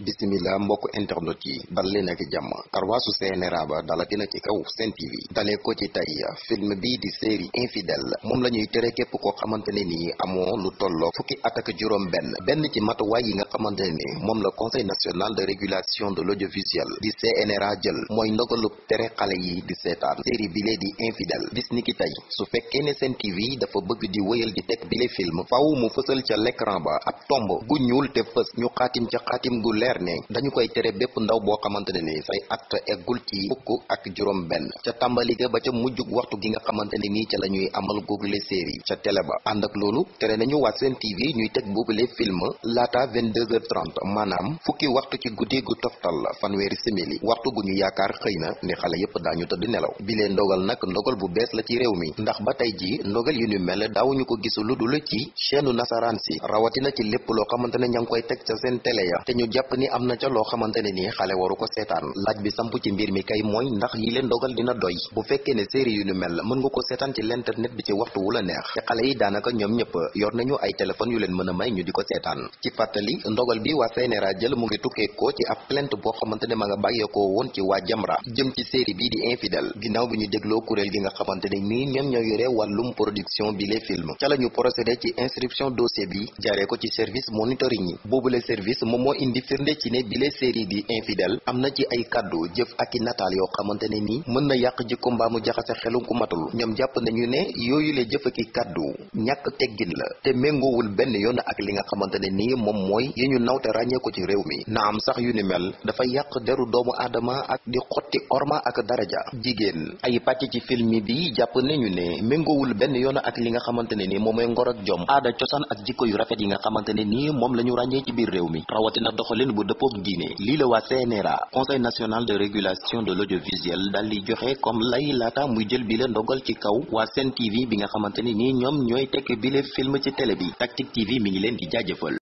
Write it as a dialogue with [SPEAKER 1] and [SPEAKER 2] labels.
[SPEAKER 1] bisimila mbokk internet yi dal leen ak jàmm karwaasu CNRA ba dala dina ci kaw Sen TV dalee ko ci tey film bii di série infidèle moom la ñuy tere képp koo xamante ne nii lu tolloo fukki at juróom benn benn ci matuwaay yi nga xamante ni moom la conseil national de régulation de l'audiovisuel di CNRA jël mooy ndogalub tere xale yi di seetaan série bile di infidèle bis ni ki tey su fekkee ne Sen TV dafa bëgg di wëyal di teg bile film faw mu fës leer ne dañu koy tere bépp ndaw boo xamante ne ni say at eggul ci fukk ak juróom benn ca tàmbali ga ba ca mujj waxtu gi nga xamante ni nii ca la ñuy amal googule série ca télé ba ànd ak loolu tere nañu waa seen TV ñuy teg boobule film laata 22h30 maanaam fukki waxtu ci guddi gu toftal la fanweeri simili waxtu gu ñu yaakaar xëy na ni xale yépp daañu tëdd nelaw bi leen ndogal nag ndogal bu bees la ci réew mi ndax ba tey ji ndogal yu ñu mel daawuñu ko gisu lu dul ci chaîne nasaraan si rawatina ci lépp loo xamante ne ña ngi koy teg ca te jàpp ni am na ca loo xamante ne nii xale waru ko seetaan laaj bi samp ci mbir mi kay mooy ndax yi leen dogal dina doy bu fekkee ne série yu nu mel mën nga ko seetaan ci l'internet bi ci waxtu wu la neex te xale yi daanaka ñoom ñëpp yor nañu ay téléphone yu leen mën a may ñu di ko seetaan ci fàttali ndogal bi waa CNRA jël mu ngi tukkee ko ci ab plainte boo xamante ma nga bàyyeekoo woon ci waa Jamra jëm ci série bii di infidèle ginnaaw bi ñu dégloo gi nga xamante ne nii ñoom ñoo yore wàllum production bi les films ca la firnde ci ne bile série di infidèle am na ci ay kàddu jëf ak i nataal yoo xamante ne nii mën na yàq jikko mbaamu jaxase xelu ku matul ñoom jàpp nañu ne yooyu la jëf ak i kàddu ñàkk teggin la te méngoowul benn yoon ak li nga xamante ne nii moom mooy yi ñu naw te ràññee ci réew mi na am sax yu ni mel dafa yàq deru doomu aadama ak di xotti orma ak daraja jigéen ay pàcc ci film bi jàpp nañu ne méngoowul benn yoon ak li nga xamante ne nii moom mooy ngor ak jom aada cosaan ak jikko yu rafet yi nga xamante ne nii moom la ñu ràññee ci biir réew mi rawatina doxalin doxalin bu dëppoog diine lii la waa CNRA conseil national de régulation de l'audiovisuel daal di joxe comme lay laata muy jël bi la ndogal ci kaw waa Sen TV bi nga xamante ni ñoom ñooy tekk bi le film ci télé bi Tactic TV mi ngi leen di jaajëfal